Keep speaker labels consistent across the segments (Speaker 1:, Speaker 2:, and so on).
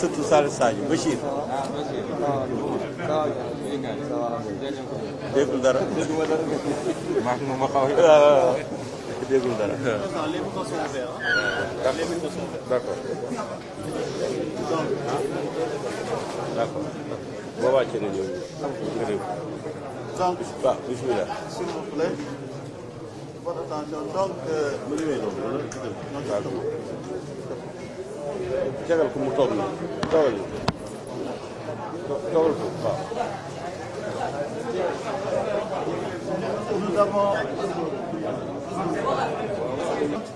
Speaker 1: sëtu Sall Sadio Bachir.
Speaker 2: déggul dara. maa ngi ma xaw a. déggul dara.
Speaker 1: d'accord. d'accord. boo wàccee ne ñëw donc waaw bismillah. s'il vous plaît. votre attention donc. Euh, tegal ko mu nous avons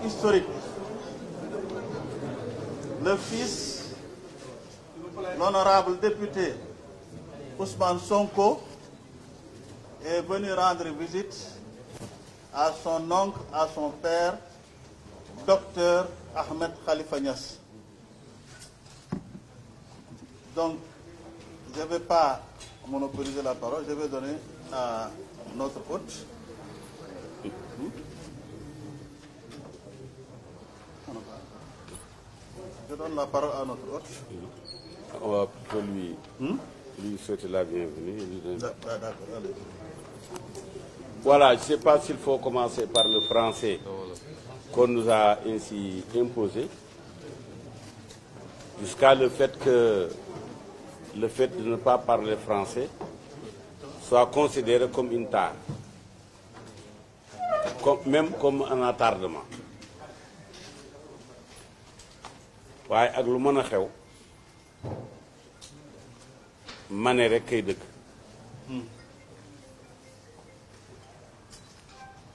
Speaker 1: historique le fils l'honorable député Ousmane Sonko est venu rendre visite à son oncle à son père docteur Ahmed Khalifa Niass Donc, je ne vais pas monopoliser la parole, je vais donner à notre hôte. Je donne la parole à notre hôte. On va pour lui, hmm? lui souhaiter la bienvenue. Voilà, je sais pas s'il faut commencer par le français qu'on nous a ainsi imposé, jusqu'à le fait le fait de ne pas parler français soit considéré comme une tare, comme, même comme un attardement waaye ak lu mën a xew ma ne rek kay dëgg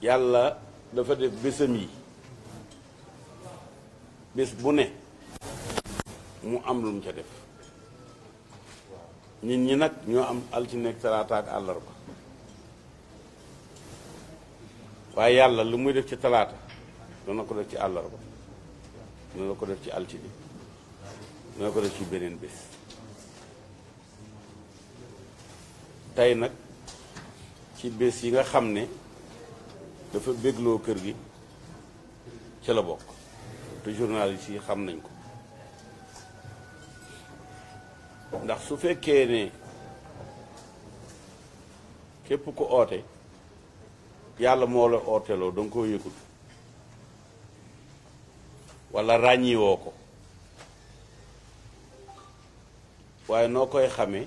Speaker 1: yàlla dafa def bésam yi bés bu ne mu am lu mu ca def nit ñi nag ñoo am altine ak talaata ak àllarba waaye yàlla lu muy def ci talaata dana ko def ci àllarba dana ko def ci altine dana ko def ci beneen bés tey nag ci bés yi nga xam ne dafa bégloo kër gi ca la bokk te journaliste yi xam nañ ko ndax su fekkee ne képp ku oote yàlla moo la ooteloo danga koo yëgut wala ràññiwoo ko waaye noo koy xame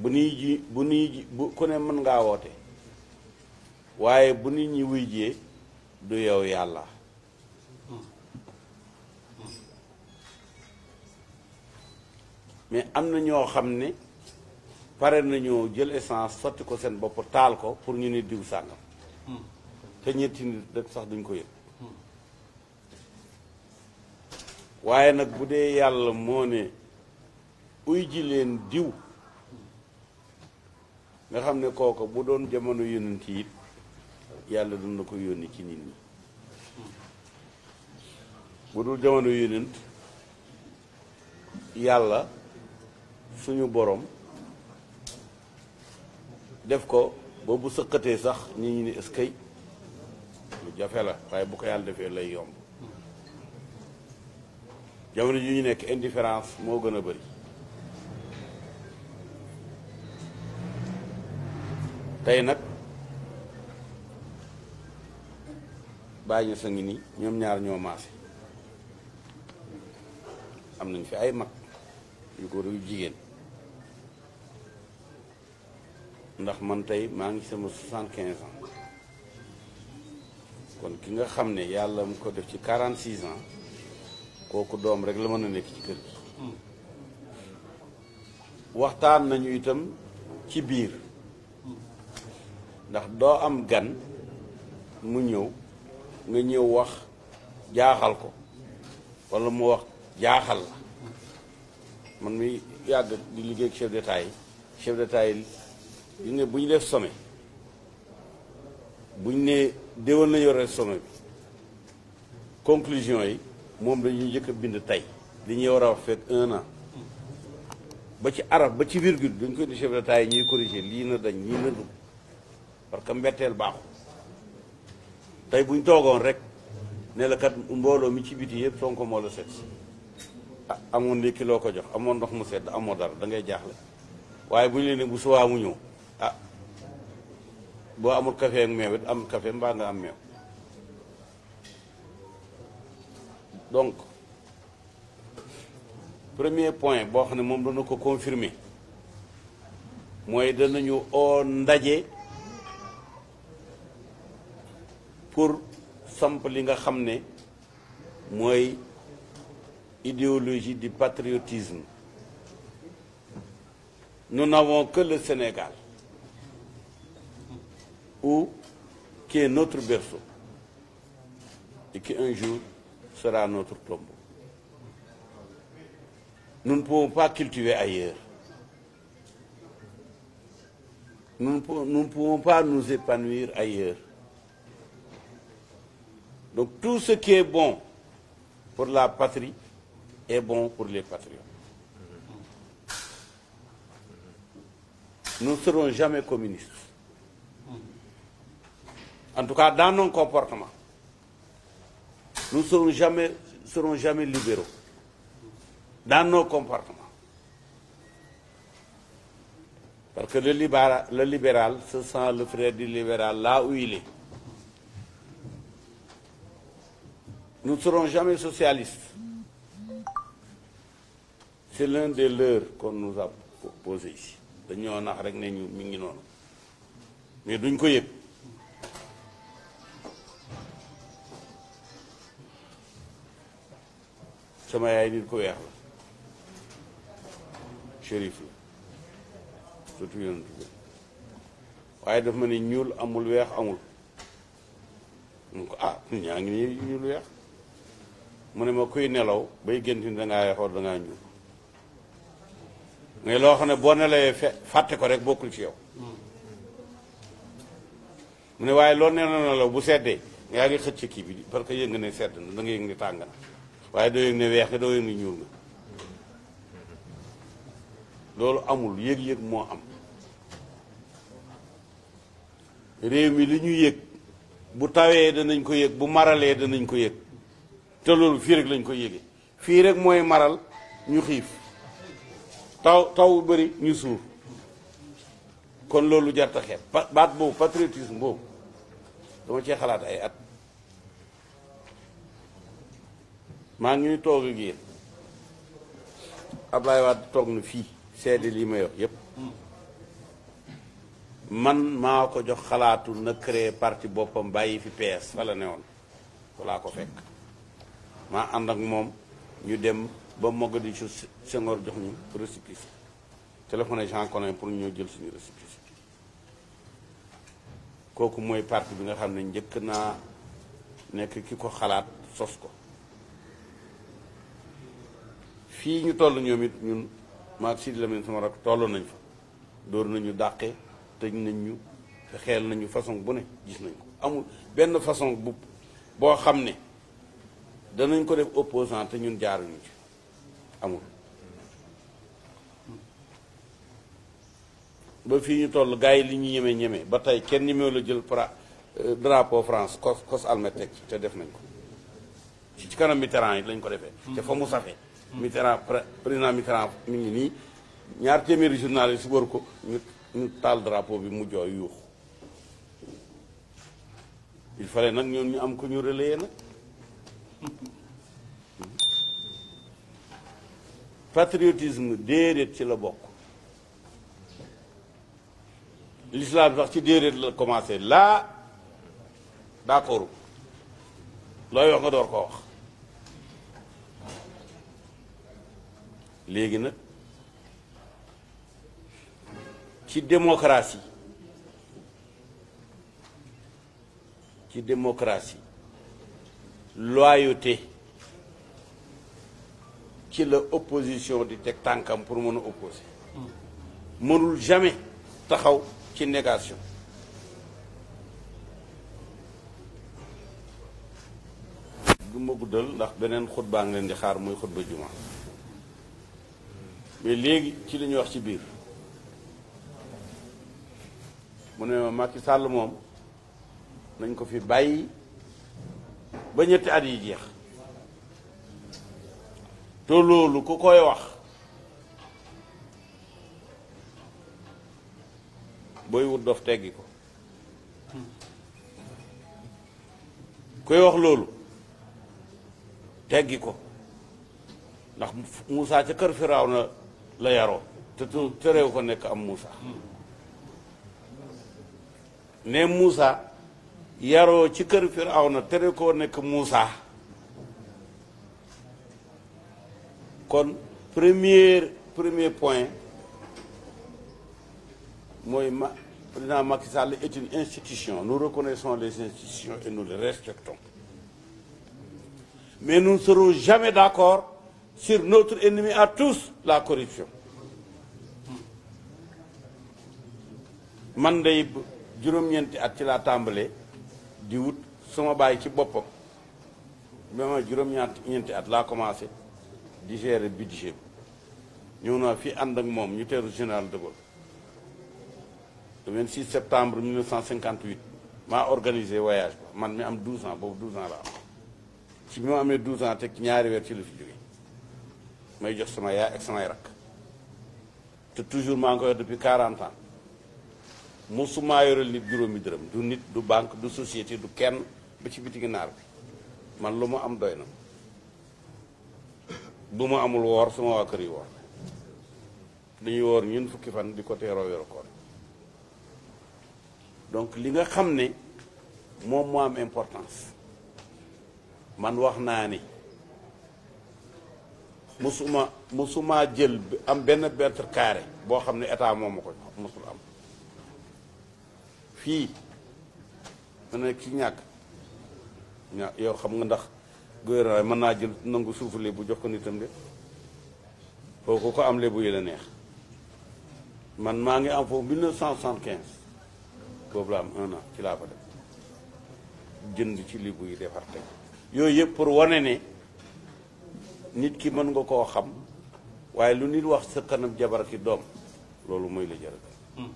Speaker 1: bu nuy ji bu nuy ji bu ku ne mën ngaa woote waaye bu nu ñi wuy jee du yow yàlla mais am na ñoo xam ne pare nañoo jël essence sotti ko seen bopp taal ko pour ñu ni diw sàngam te ñetti nit rek sax duñ ko yëg waaye nag bu dee yàlla moo ne uy ji leen diw nga xam ne kooka bu doon jamono yonent yi yàlla dina ko yónni ci nit ñi bu dul jamono yonent yàlla suñu boroom def ko ba bu sëqatee sax ñi ñu ni eskay lu jafe la waaye bu ko yàlla defee lay yomb jamono ji ñu nekk indifférence moo gën a bari tey nag bàyyi sa ngi ni ñoom ñaar ñoo maase am nañ fi ay mag yu góor yu jigéen ndax man tey maa ngi sama quinze ans kon ki nga xam ne yàlla mu ko def ci 46 ans kooku doom rek la mën nekk ci kër gi. waxtaan nañu itam ci biir ndax doo am gan mu ñëw nga ñëw wax jaaxal ko walla mu wax jaaxal la man muy yàgg di liggéey ak chef d'état yi chef d'état yi. gis bu ñu def sommet bu ñu nee déwén nañu war a def bi conclusion yi moom dañuy njëkk a bind tey li ñuy war a wax fekk un an ba ci araf ba ci virgule dañ koy di chef d'état yi ñuy corriger lii na dañ lii na dugg parce que mbetteel baaxu tey buñ toogoon rek ne la mbooloo mi ci biti yëpp Sonko moo la set ah amoon ndékki loo ko jox amoon ndox mu sedd amoo dara da ngay jaaxle waaye bu ñu leen bu suwaa mu ñëw ah boo amul café ak meew it am café mbaa nga am meew donc premier point boo xam ne moom dana ko confirmer mooy danañu oo ndaje pour samp li nga xam ne mooy idéologie di patriotisme nous n'avons que le Sénégal ou qui est notre berceau et qui un jour sera notre tombeau. Nous ne pouvons pas cultiver ailleurs. Nous ne, pouvons, nous ne pouvons pas nous épanouir ailleurs. Donc tout ce qui est bon pour la patrie est bon pour les patriotes. Nous ne serons jamais communistes. en tout cas dans nos comportements nous ne serons jamais serons jamais libéraux dans nos comportements parce que le libéral le libéral se sent le frère di libéral la où il est nous ne serons jamais socialistes c'est l'un des leurs qu'on nous a posé ici dañoo nax rek ne ñu mi ngi noonu mais duñ ko yëg sama yaay nit ku weex la shérif la surtout yonent bi waaye daf ma ne ñuul amul weex amul mun ko ah ñaa ngi nii ñuul weex mu ne ma kuy nelaw bay gént ni dangaa weexoor dangaa ñuul mais loo xam ne boo nelawee fàtte ko rek bokkul ci yow mu ne waaye loolu nee na nelaw bu seddee yaa ngi xëcc kii bi parce que yëg nga ne sedd na da nga ne tàng na waaye doo yëg ne weex nga doo yëg ne ñuul nga loolu amul yëg-yëg moo am réew mi li ñu yég bu tawee danañ ko yëg bu maralee danañ ko yëg te loolu fii rek lañ ko yége fii rek mooy maral ñu xiif taw taw bu bëri ñu suur kon loolu jarta xeet baat boobu patriotisme boobu dama cee xalaat ay at maa ngi ni toog ak yéen Ablaye Wade toog na fii seede lii ma yor yépp man maa ko jox xalaatu na créer parti boppam bàyyi fi PS fa ne woon walaa ko fekk maa ànd ak moom ñu dem ba Mogadiscio Senghor jox ñu récépissé téléphoné Jean Collin pour ñu jël suñu récépissé kooku mooy parti bi nga xam ne njëkk naa nekk ki ko xalaat sos ko fii ñu toll ñoom it ñun maag Sidi Lamine sama rak toll nañ fa dóor nañu dàqe tëj nañ ñu xeel nañu façon bu ne gis nañ ko amul benn façon bu boo xam ne danañ ko def opposant te ñun jaaruñu ci amul ba fii ñu toll gars yi li ñu ñeme ñeme ba tey kenn ñemewu la jël pra euh, drapeau France cos cos almet teg te def nañ ko ci kanam bi yi lañ ko defee te fa mu safee Mitterrand président Mitterrand mi ngi nii ñaar téeméeri journaliste wër ko ñu taal drapeau bi mu jooy yuux il fallait nag ñoom ñu am ko ñu relayer nag patriotisme déedéet ci la bokk l'islam sax ci déedéet la commencé laa d'accord looy wax nga door koo wax léegi nag ci démocratie ci démocratie loyauté ci la opposition di teg tànkam pour mën a opposer mënul jamais taxaw ci négation du ma guddal ndax beneen xot baa ngi leen di xaar muy xutba juma mais léegi ci lañuy wax ci biir mu ne ma Macky Sall moom dañ ko fi bàyyi ba ñetti at yi jeex te loolu ku koy wax booy wut dof teggi ko koy wax loolu teggi ko ndax Moussa ca kër Firaaw na la yaroo te tu terew ko nekk am Moussa ne Moussa yaroo ci kër na tere koo nekk Moussa kon premier premier point mooy ma président Macky Sall est une institution nous reconnaissons les institutions et nous respecton mais nu ne serons jamais sur notre ennemi à tous la corruption man day juróom-ñeenti at ci laa tàmbalee di wut sama bàyyi ci boppa ba ma juróom-ñeenti at laa commencé di gérer budget bi ñëw naa fii ànd ak moom ñu teeru général de Gaulle le 26 septembre 1958 maa organisé voyage ba man mi am 12 ans boobu 12 ans la am si bi ma amee 12 ans teg ñaari weer ci la fi jógee may jox sama yaay ak samay rakk te toujours maa ngi koy wax depuis 40 ans yore yoreel nit juróomi dërëm du nit du banque du société du kenn ba ci biti naar bi man lu mu am doy na bu mu amul woor suma waa kër yi woor dañuy woor ñun fukki fan di ko teeroo weeru koor donc li nga xam ne moom mu am importance man wax naa ni musuma musuma jël am benn mètre carré boo xam ne état moom ma ko musul am fii ma ne ci ñàkk ña yow xam nga ndax gouvernement mën naa jël nangu suufu bu jox ko nitam de kooku ko am lébu yi la neex man maa ngi am foofu 1975 boobu la am un an ci laa fa def jënd ci lébu yi defar teg yooyu yëpp pour wane ne nit ki mën nga koo xam waaye lu nit wax sa kanam jabar ki doom loolu mooy la jërëjëf. Hmm.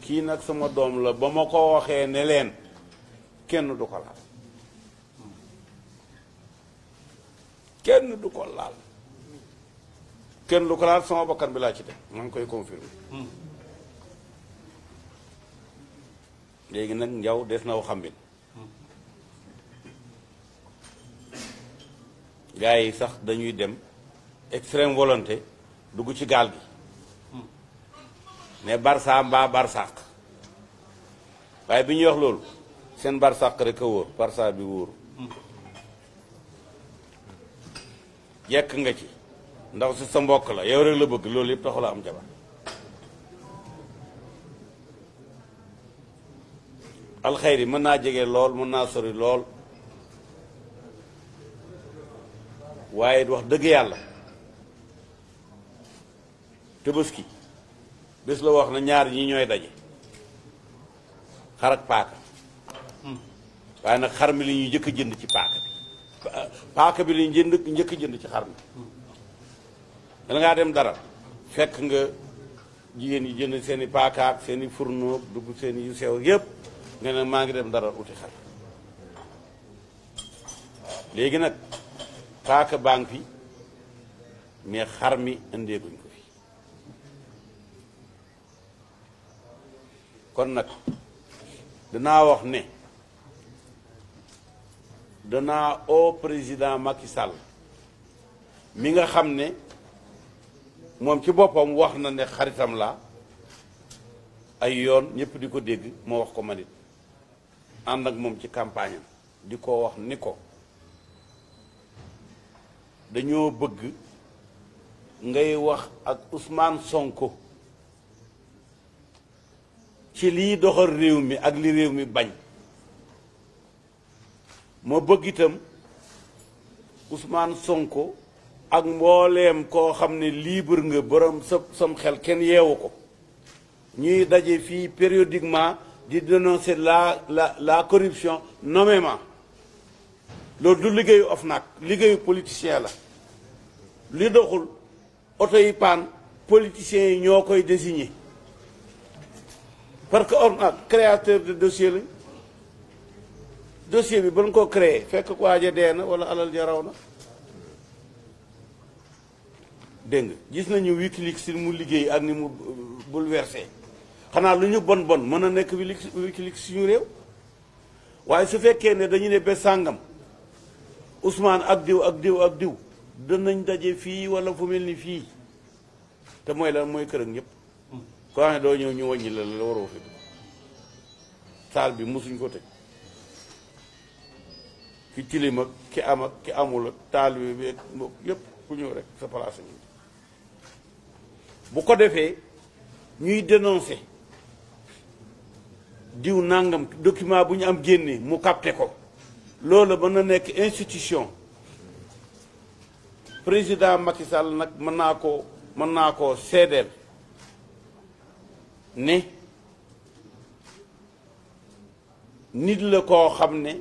Speaker 1: kii nag sama doom la ba ma ko waxee ne leen kenn du ko laal kenn du ko laal kenn du ko laal sama bakkan bi laa ci teg maa ngi koy confirmer hmm. léegi nag njaw des na waxambin gars yi sax dañuy dem extrême volonté dugg ci gaal gi ne barsa mbaa barsàq waaye bi ñuy wax loolu seen barsàq rek a wóor barsa bi wóor jekk nga ci ndaw si sa mbokk la yow rek la bëgg loolu yëpp taxu la am jabar alxayri mën naa jege lool mën naa sori lool waaye wax dëgg yàlla Tabaski bés la wax na ñaar ñi ñooy daje xar ak paaka waaye nag xar mi li ñuy njëkk jënd ci paaka bi paaka bi li ñu jënd njëkk a jënd ci xar mi da ngaa dem dara fekk nga jigéen yi jënd seeni paakaak seeni ak seen i dugg seen yu sew yëpp nga ne maa ngi dem dara uti xar léegi nag paaka baa ngi mais xar mi indeeguñ ko fi kon nag danaa wax ne danaa au président Macky Sall mi nga xam ne moom ci boppam wax na ne xaritam laa ay yoon ñëpp di ko dégg moo wax ko manit ànd ak moom ci campagne am di ko wax ni ko dañoo bëgg ngay wax ak usmaan Sonko ci liy doxal réew mi ak li réew mi bañ ma bëgg itam usmaan Sonko ak mbooleem koo xam ne libre nga borom sa sam xel kenn yeewu ko ñuy daje fii périodiquement di dénoncer la la la corruption nommément loolu du liggéeyu OFNAC liggéeyu politicien la li doxul oto yi paan politiciens yi ñoo koy désigné parce que OFNAC créateur de dossier lañ dossier bi ba ñu ko créé fekk ko waaja dee na wala alal ja na dégg nga gis nañu Wikileaks si mu liggéey ak ni mu bouleversé xanaa lu ñu bon bon mën a nekk Wikileaks suñu réew waaye su fekkee ne dañu ne ba sàngam Ousmane ak diw ak diw ak diw danañ daje fii wala fu mel ni fii te mooy la mooy kër ak ñëpp koo xam ne doo ñëw ñu wàññi la la waroo fi saal bi mosuñ ko teg ki tilim ki am ki amul ak taal bi bi yëpp ku ñëw rek sa place bu ko defee ñuy dénoncer diw nangam document bu ñu am génne mu kàppe ko loolu mën na nekk institution président Macky Sall nag mën naa ko mën naa koo seedeel ni nit la koo xam ne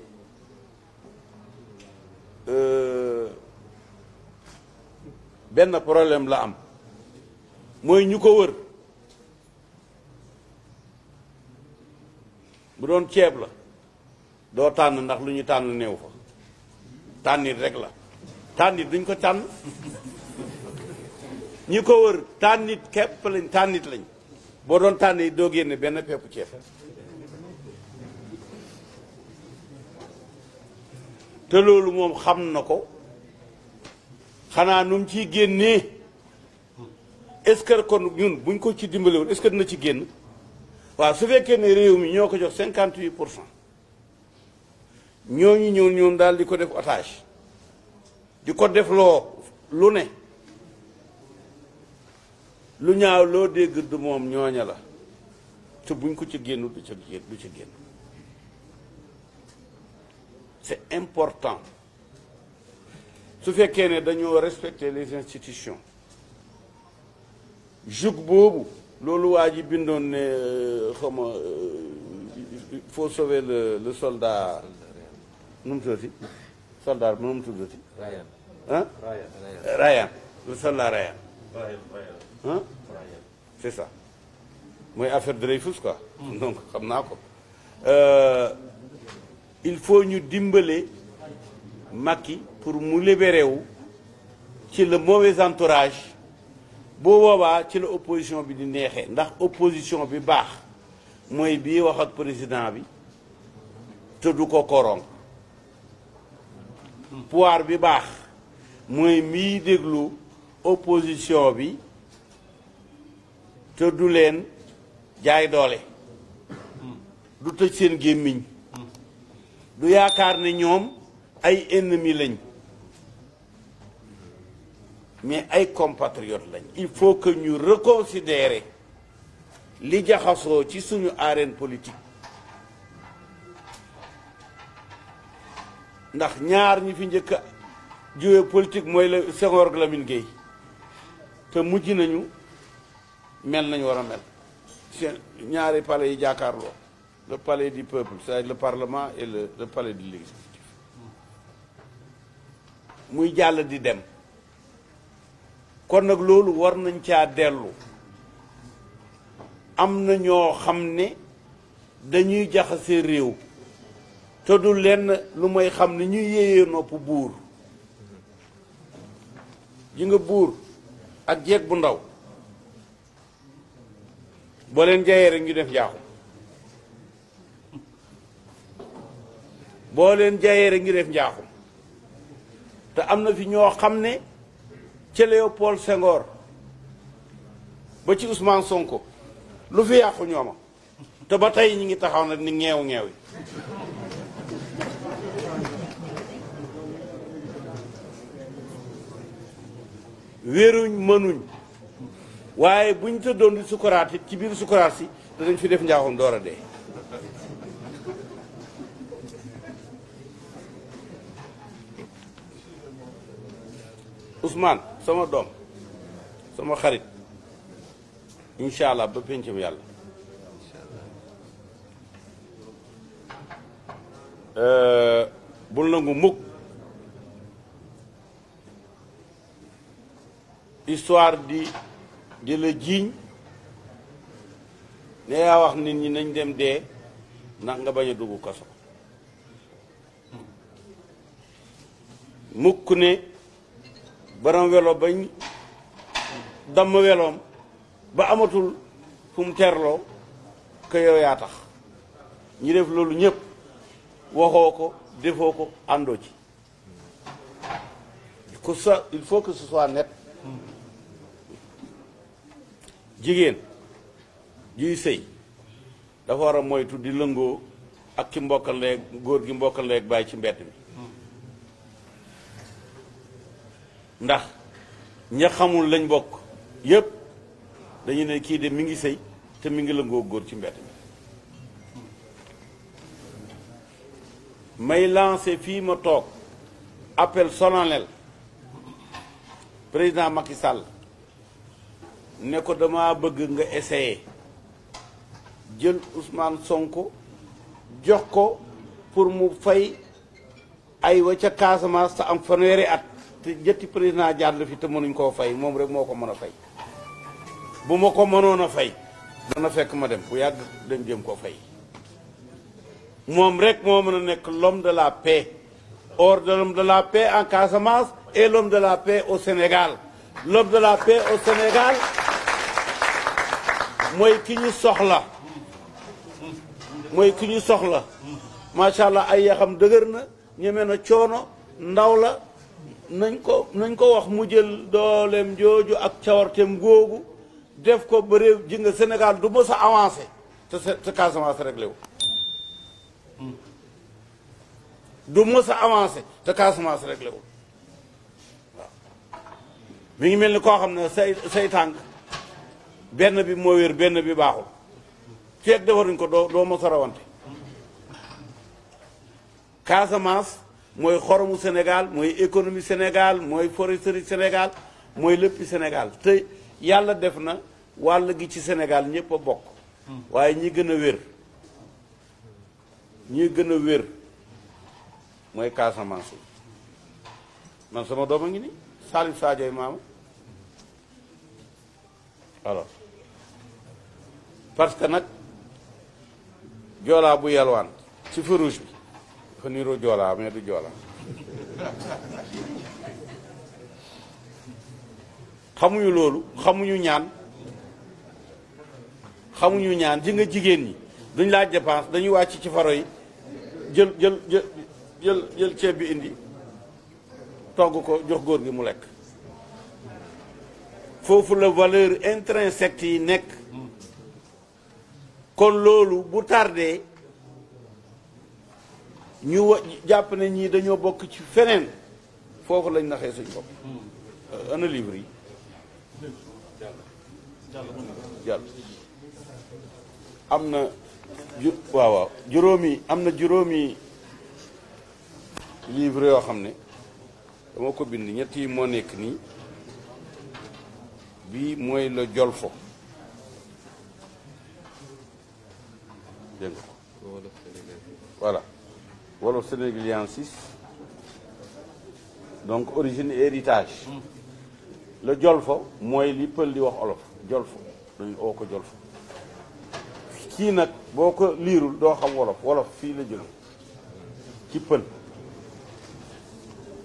Speaker 1: euh, benn problème la am mooy ñu ko wër bu doon ceeb la doo tànn ndax lu ñu tànn néew fa tànnit rek la tànnit duñ ko tànn ñi ko wër tànnit képp lañ tànnit lañ boo doon tànn yi doo génne benn peppu ceeb te loolu moom xam na ko xanaa nu mu ciy génnee est-ce que kon ñun buñ ko ci dimbale woon est-ce que dina ci génn waaw su fekkee ne réew mi ñoo ko jox cinquante-huit pour ñooñu ñu ñoom daal di ko def otage di ko def loo lu ne lu ñaaw loo dégg du moom ñooña la te buñ ko ci génn du ca génn du ca génn c'est important su fekkee ne dañoo respecter les institutions jug boobu loolu waa ji bindoon ne euh, xawma euh, faut sauver le le nu mu tuddati soldat bi nu mu tuddati ah Rayane c'est ça mooy affaire Dreyfus quoi hmm. donc xam naa ko euh, il faut ñu dimbale Macky pour mu libéré ci la mauvais entourage boo boobaa ci la opposition bi di neexee ndax opposition bi baax mooy bii wax ak président bi te du ko korom pouvoir bi baax mooy miy déglu opposition bi te du leen jaay doole du tëj seen gémmiñ du yaakaar ne ñoom ay ennemi lañ mais ay compatriotes lañ il faut que ñu reconsidérer li jaxasoo ci suñu arène politique ndax ñaar ñi fi njëkk a jiwee politique mooy la Senghor ak Lamine Gueye te mujj nañu mel nañu war a mel seen ñaari palais yi jàkkaarloo le palais di peuple cest à le parlement et le le palais du muy jàll di dem kon nag loolu war nañ caa dellu am na ñoo xam ne dañuy jaxase réew te du lenn lu may xam ni ñu yéeyee nopp buur ji nga buur ak jeeg bu ndaw booleen leen rek ñu def njaaxum boo leen jayee rek ñu def njaaxum te am na fi ñoo xam ne ca Léopold Senghor ba ci Ousmane Sonko lu fi yàqu ñooma te ba tey ñu ngi taxaw nag ni ngeew ngeew yi wéruñ mënuñ waaye buñ tëddoon di sukuraat ci biir sukuraat si danañ fi def njaaxum door a dee Ousmane sama doom sama xarit incha allah ba pencam yàlla euh, bul nangu mukk histoire di di la jiiñ ne yaa wax nit ñi nañ dem dee ndax nga bañ a dugg kaso mukk ne borom welo bañ damm weloom ba amatul fu mu teerloo que yaa tax ñi def loolu ñëpp waxoo ko defoo ko àndoo ci ko il faut que ce soit net jigéen juy sëy dafa war a moytu di lëngoo ak ki mbokkal leeg góor gi mbokkal leeg bàyyi ci mbedd mi ndax ña xamul lañ bokk yépp dañu ne kii de mi ngi sëy te mi ngi lëngoo góor ci mbedd mi may lancé fii ma toog appel solennel président Macky Sall ne ko bëgg nga essayer jël Ousmane Sonko jox ko pour mu fay ay wa ca Casamance te am fanweeri at te jëtti président jàll fi te mënuñ koo fay moom rek moo ko mën a fay bu ma ko mënoon a fay dana fekk ma dem bu yàgg dem jëm ko fay moom rek moo mën a nekk lom de la paix hors de l'homme de la paix en Casamance et l'homme de la paix au Sénégal l'homme de la paix au Sénégal mooy ki ñu soxla mooy ki ñu soxla macha allah ay yaxam dëgër na ñeme na coono ndaw la nañ ko nañ ko wax mu jël dooleem jooju ak cawarteem googu def ko ba réew Sénégal du mës a avancé te te Casamance réglé wu du mës avancé te Casamance réglé wu ngi mel ni koo xam ne say say tànk benn bi moo wér benn bi baaxul feeg defaruñ ko doo doo mos a rawante Casamance mooy xoromu Sénégal mooy économie Sénégal mooy foresterie Sénégal mooy léppi Sénégal te yàlla def na wàll gi ci Sénégal ñëpp a bokk waaye ñi gën a wér ñi gën a wér mooy Casamance yi man sama doom a ngi ni Salif Sadio maama alors parce que nag joolaa bu yelwaan ci feu rouge bi dafa niru joolaa mais du joolaa xamuñu loolu xamuñu ñaan xamuñu ñaan ji nga jigéen ñi duñ laaj dépense dañuy wàcc ci faro yi jël jël jël jël jël ceeb bi indi togg ko jox góor gi mu lekk foofu la valeur intrinsèque yi nekk kon loolu bu tardé ñu wa jàpp ne ñii dañoo bokk ci feneen foofu lañ naxee suñ bopp euh, ana livre yi jàll am na juróomi am na juróomi livre yoo xam ne dama ko bind ñett moo nekk nii bii mooy la jolfo dégg nga voilà wolof sénégalais en donc origine héritage la jolfo mooy li pël di wax olof jolfo dañu oo ko jolfo kii nag boo ko liirul doo xam wolof wolof fii la jël ci pël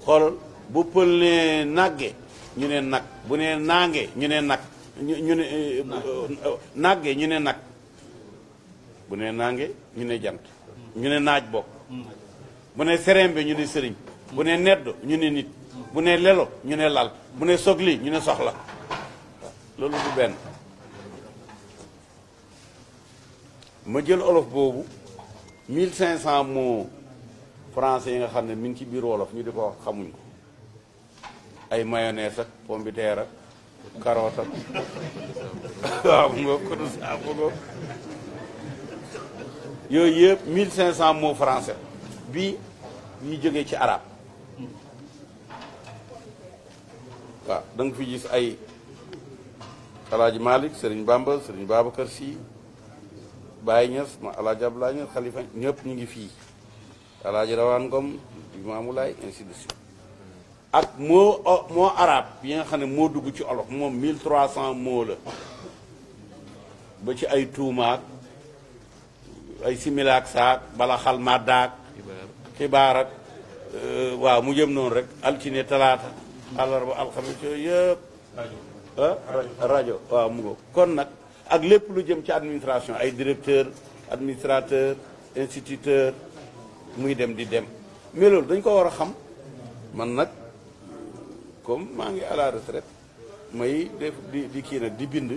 Speaker 1: xool bu pël ne nàgge ñu ne nag ñu ne nag ñu ne euh, nàgge euh, euh, ñu ne nag bu ne naange ñu ne jant ñu ne naaj bokk bu ne serembe ñu ne sëriñ bu ne neddo ñu ne nit bu ne lelo ñu ne lal bu ne sogli ñu ne soxla loolu du benn ma jël olof boobu 1500 mots français yi nga xam ne mi ngi ci biir wolof ñu di ko xamuñu ay mayonnaise ak pombiteer ak carotte ak waaw nga yooyu yëpp 1500 mots français bi yu jógee ci arab waaw danga fi gis ay alaaji malik Serigne Bamba sëriñ Babacar Sy Baye Niass ma alaaji Abdoulaye Niass xalifa ñëpp ñu ngi fii alaaji Rawaan Ngom Maamulaay ainsi ak moo moo arab yi nga xam ne moo dugg ci olof moom 1300 mots la ba ci ay tuumaak ay similaak saak bala xal màddaak xibaar ak euh, waaw mu jëm noonu rek altine talaata àllarba alxamis yooyu yëpp rajo ah, waaw mu ngo kon nag ak lépp lu jëm ci administration ay directeur administrateur instituteur muy dem di dem mais dañ ko war a xam man nag comme maa ngi à la may di di kii nag di bind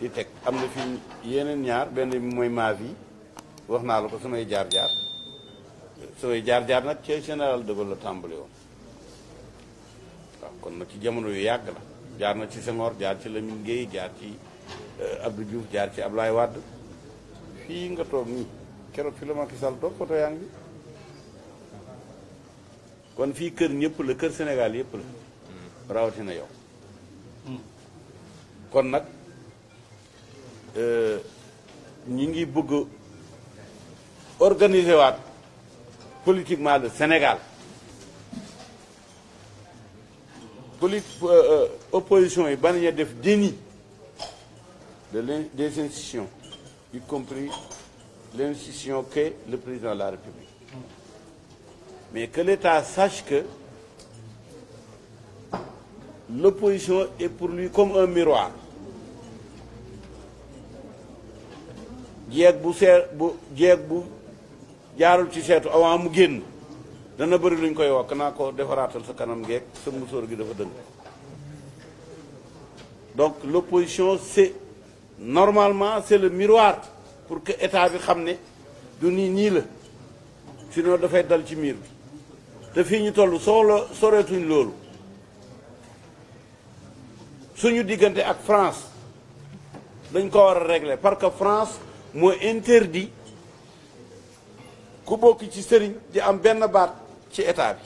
Speaker 1: di teg am na fi yeneen ñaar benn mooy ma vie wax naa la ko samay jaar-jaar samay jaar-jaar nag ci général de Gaulle la tàmbali woon waaw kon nag ci jamono yu yàgg la jaar na ci Senghor jaar ci Lamine Guèye jaar ci euh, fii kër ñëpp kër Sénégal yëpp la rawatina yow kon euh, ñi ngi bëgg organiser waat politiquement le Sénégal poli euh, opposition yi bañ a def déni de l' des institutions y compris l'institution qu'est le président de la République mais que l'État sache que l'opposition est pour lui comme un miroir jeeg bu seer bu jeeg bu jaarul ci seetu avant mu génn dana bëri luñ koy wakk naa ko defaraatal sa kanam ngeeg sa musóor gi dafa dëng donc l'opposition c'est normalement c'est le miroir pour que état bi xam ne du nii nii la sinon dafay dal ci miir bi te fii ñu toll soxla soreetuñ loolu suñu diggante ak France dañ ko war a régler parce que France moo interdit ku bokk ci sëriñ di am benn baat ci état bi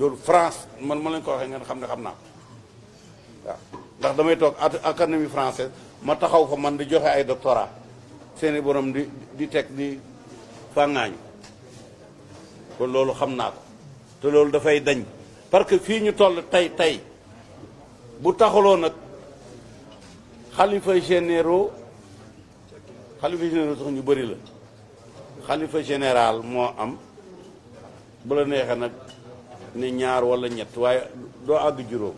Speaker 1: loolu France man ma leen ko waxee ngeen xam ne xam naa ko waaw ndax damay toog académie française ma taxaw fa man di joxe ay doctorat seeni borom di di teg di fàngaañu kon loolu xam naa ko te loolu dafay dañ parce que fii ñu toll tey tey bu taxaloo nag xalifa généraux xalifa généraux sax ñu bari la xalifa général moo am bu la neexee nag ne ñaar wala ñett waaye doo àgg juróom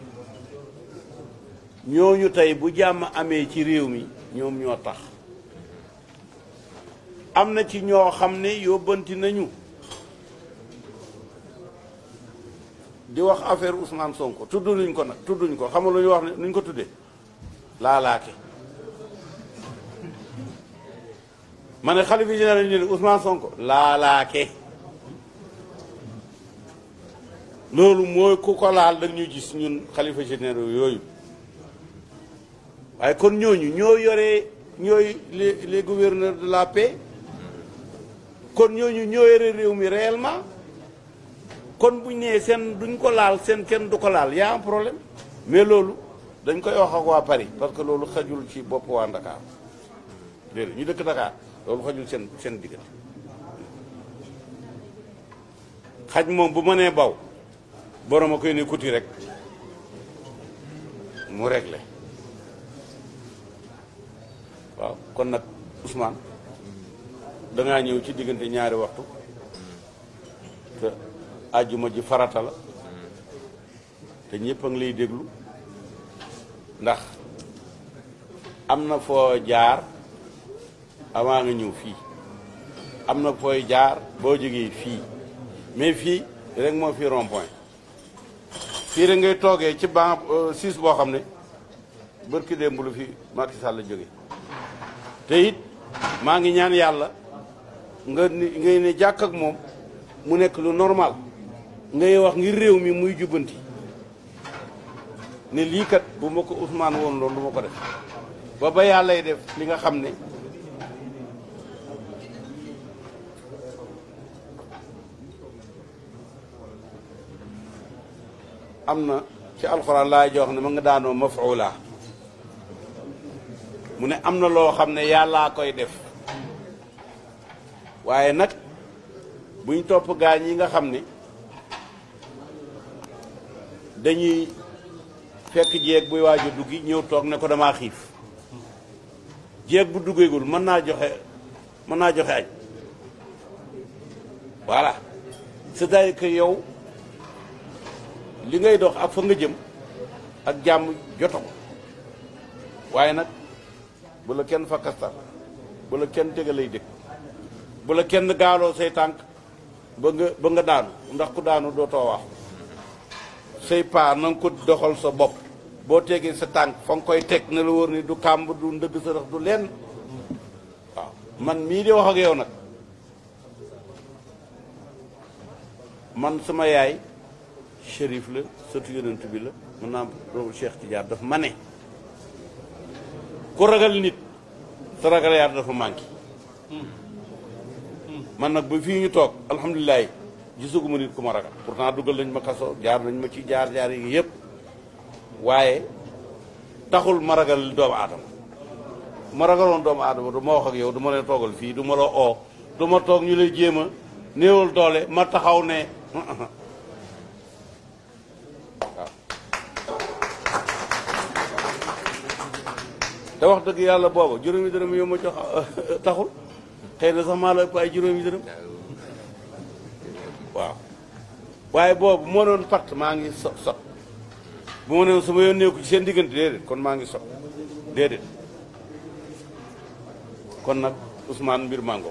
Speaker 1: ñooñu tey bu jàmm amee ci réew mi ñoom ñoo tax am na ci ñoo xam ne yóbbanti nañu di wax affaire Ousmane Sonko tudduñu ko nag tudduñ ko xam nga lu wax ne nuñ ko tuddee laalaake ma ne xalifa général ñu ne Ousmane Sonko laalaake loolu mooy ku ko laal dañu gis ñun xalifa général yooyu waaye kon ñooñu ñoo yore ñooy les les gouverneurs de la paix kon ñooñu ñoo yore réew mi réellement kon buñ nee seen duñ ko laal seen kenn du ko laal y a problème mais loolu dañ koy wax ak waa Paris parce que loolu xajul ci bopp waa Ndakaar déedéet ñu dëkk Ndakaar loolu xajul seen seen diggante xaj moom bu mënee baw borom a koy ne kuti rek mu réglé waaw kon nag Ousmane dangaa ñëw ci diggante ñaari waxtu te àjjuma ji farata la te ñëpp lay déglu ndax am na foo jaar avant nga ñëw fii am na fooy jaar boo jógee fii mais fii rek moo fi rond point fii rek ngay toogee ci banc euh, siis boo xam ne bërki démb lu fi Macky Sall la jóge te maa ngi ñaan yàlla nga ngay ne jàkk ak moom mu nekk lu normal ngay wax ngi réew mi muy jubbanti ne liikat bu ma ko Ousmane woon loolu du ma ko def ba ba li nga xam ne am na ci alxuraan laa jox ne ma nga daanoo laa mu ne am na loo xam ne yàllaa koy def waaye nag buñ topp gaañ yi nga xam ne dañuy fekk jéeg buy waajo duggi ñëw toog ne ko damaa xiif jéeg bu duggeegul mën naa joxe mën naa joxe añ voilà c'est-à-dire yow li ngay dox ak fa nga jëm ak jàmm joto ko waaye nag bu la kenn fakkastal bu la kenn tegalay dëkk bu la kenn gaaloo say tànk ba nga ba nga daanu ndax ku daanu doo too wax say paa na nga ko doxal sa bopp boo tegee sa tànk fa nga koy teg na la wóor ni du kàmb du ndëgg sa rax du lenn waaw man mii di wax ak yow nag man sama yaay shérif la sëtu yonent bi la mën naa doomu Cheikh Tidiane dafa ma ne ku ragal nit sa ragal yaar dafa manqué man nag ba fii ñu toog alhamdulilah gisuguma nit ku ma ragal pourtant dugal nañ ma kaso jaar nañ ma ci jaar-jaar yi yëpp waaye taxul ma ragal doomu aadama ma ragaloon doomu aadama du ma wax ak yow du ma leen toogal fii du ma la oo du ma toog ñu lay jéem a néewal doole ma taxaw ne te wax dëgg yàlla booba juróomi dërëm yow ma jox euh, taxul xëy na sax maa la ëpp ay juróomi waaw waaye boobu moo doon part maa ngi so sot bu ma ne su ma yónnee ko seen diggante déedéet kon maa ngi sot déedéet kon nag usmaan mbir màngo